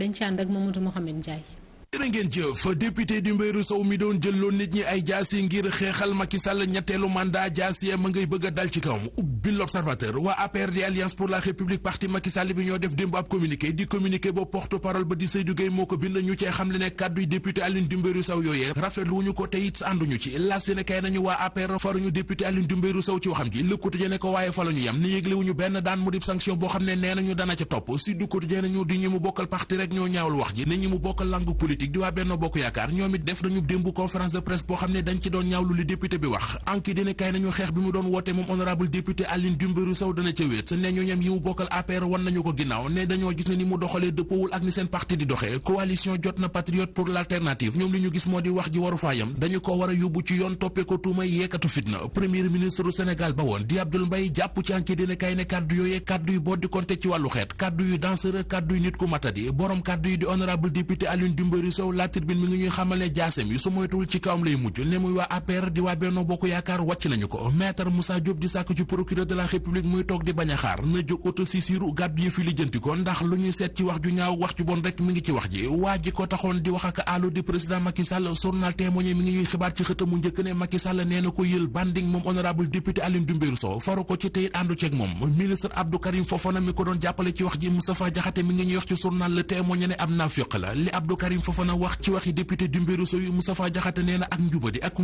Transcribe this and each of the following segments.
dañ ci ànd ak Mamadou Mouhamed Ndiaye jërë ngeen jëf député di Mbayru Sow mi doon jël jëlloon nit ñi ay jaasi ngir xeexal Macky Sall ñetteelu mandat jaasi ma ngay bëgg a dal ci kawam ubbi l'observateur waa APR di alliance pour la république parti Macky Sall bi ñoo def démb ab communiqué di communiqué ba porte parole ba di Seydou Gueye moo ko bind ñu cee xam le ne kàdduy député Alioune di Mbayru Sow yooyee rafetlu wuñu ko te it ànduñu ci la seen kay nañu waa APR faruñu député Alioune di Mbayru ñu yem ni yégle wuñu benn daan mu dib sanction boo ne nee nañu dana ca topp si du côté nañu di ñi mu wax ji ne mu bokkal langue politique politique di waa Benno Bokk Yaakaar ñoom it def nañu démb conférence de presse boo xam ne dañ ci doon ñaawlu li député bi wax anki dina nañu xeex bi mu doon woote moom honorable député Aline Dumbiru Sow dana ca wéet ne ñu yi mu bokkal APR wan nañu ko ginnaaw ne dañoo gis ne ni mu doxalee dëppowul ak ni seen parti di doxee coalition jot na patriote pour l'alternative ñoom li ñu gis moo di wax ji waru faayam dañu ko war yóbbu ci yoon toppee Aliou Sow la tribune mi ngi ñuy xamale jaasem yi su moytuwul ci kawam lay mujj ne muy waa APR di waa Benno Bokk Yaakaar wàcc nañu ko maître Moussa Diop di sàkk ci procureur de la république muy toog di bañ na jóg auto sisiru gàddu yëfi lijjanti ko ndax lu ñuy seet ci wax ju ñaaw wax ju bon rek mi ngi ci wax ji waa ji ko taxoon di wax ak àllu di président Macky Sall journal témoigné mi ngi ñuy xibaar ci xëtamu njëkk ne Macky Sall nee na ko fa na wax ci waxi député du mbiru sow yi Moustapha Diakhaté nee na ak njubadi ak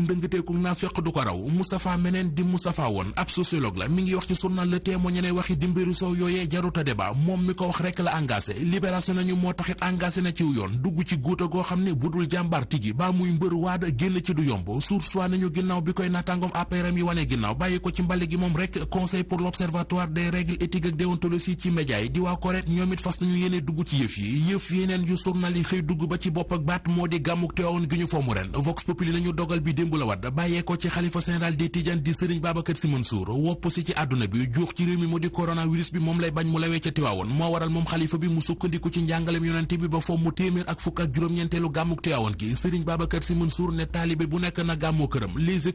moom mi ko wax rek la engagé libération nañu moo taxit engagé na ciw yoon dugg ci guuta goo xam ne bu dul jàmbaar tigi ba muy mbër waada génn ci du yomb sursoi nañu ginnaaw bi koy naataangoom APRM yi wane ginnaaw bàyyi ko ci mbali gi moom rek conseil pour l'observatoire des règles éthiques ak déontologie ci média di waa koret ñoom fas nañu yéene dugg ci yëf yi yëf yeneen yu journal yi xëy dugg ba ci bopp bopp ak baat moo di gàmmuk Tiwaawan gi ñu fommu ren Vox Populi nañu dogal bi démb la wat bàyyee ko ci xalifa général des Tidianes di Serigne Babacar Sy Mansour wopp si ci àdduna bi juux ci réew mi mu di coronavirus bi moom lay bañ mu lawee ca Tiwaawan moo waral moom xalifa bi mu sukkandiku ci njàngalem yonent bi ba fommu téeméer ak fukk ak juróom-ñeenteelu gàmmuk Tiwaawan gi Serigne Babacar Sy Mansour ne taalibe bu nekk na gàmmoo këram Les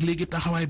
léegi taxawaay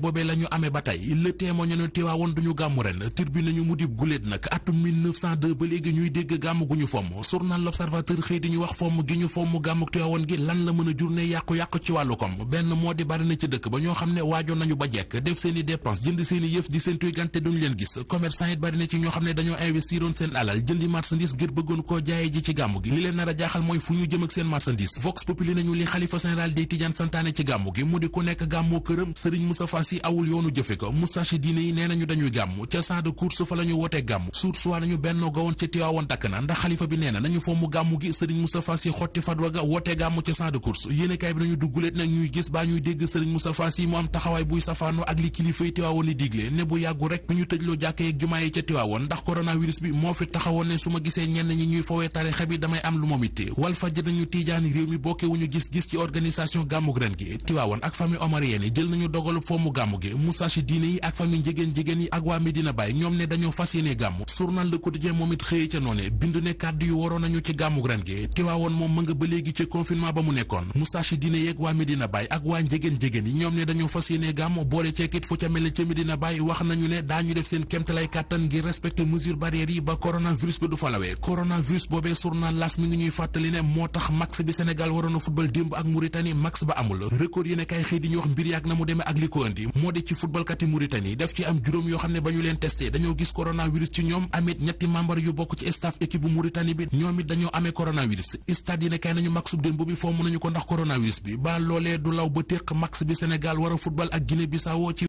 nañu mu journal l'observateur xëy di ñu wax fomm gi ñu fomm gàmmuk Tiwaawan gi lan la mën a jur ne yàqu-yàqu ci wàllu koom benn moo di bari na ci dëkk ba ñoo xam ne waajoon nañu ba jekk def seeni i dépense jënd seen i yëf di seen tuy gante duñu leen gis commerçant it bari na ci ñoo xam ne dañoo investiroon seen alal jëndi marchandise ngir bëggoon ko jaaye ji ci gàmmu gi li leen nar a jaaxal mooy fu ñu jëm ak seen marchandise vox populi nañu li xalifa général des Tidianes santaane ci gàmmu gi mu di ku nekk gàmmoo këram sëriñ Moussa Fassi awul yoonu jëfe ko moustache diine yi nee nañu dañuy gàmm ca champ de course fa la ñu woote gàmm suur suwa nañu benn gawoon ca Tiwaawan dakk na bi nee na nañu fomm gàmmu gi Serigne Moustapha xotti fatwa ga woote gàmmu ca champ de course yéenekaay bi nañu dugguleet nag ñuy gis baa ñuy dégg Serigne Moustapha Sy am taxawaay buy safaanoo ak li kilifa Tiwaawoon di digle ne bu yàggu rek bi ñu tëjloo jàkka yeeg jumaa yi ca Tiwaawoon ndax coronavirus bi moo fi taxawoon ne su ma gisee ñenn ñi ñuy fowee tarixa bi damay am lu moom itte wal faj nañu tiijaani réew mi bokke gis-gis ci organisation gàmmu yu ci gàmmug ren gi tiwaawoon moom ma ba léegi ci confinement ba mu nekkoon musaashi diine yeeg waa Medina Baye ak waa njégéen-njégéen yi ñoom ne dañoo fas yéene gàmm boole ceekit fu ca mel ne Medina Baye wax nañu ne daañu def seen kémtalay kàttan ngir respecter mesure barrières yi ba coronavirus bi du falawee coronavirus boobee surna las mi ngi ñuy fàttali ne moo tax max bi Sénégal waroon a démb ak Mauritanie max ba amul record bi ñoom it dañoo amee coronavirus stade yi ne kay nañu max bu démb boobu foo ko ndax coronavirus bi ba loolee du law ba téq max bi Sénégal war a ak Guinée Bissau ci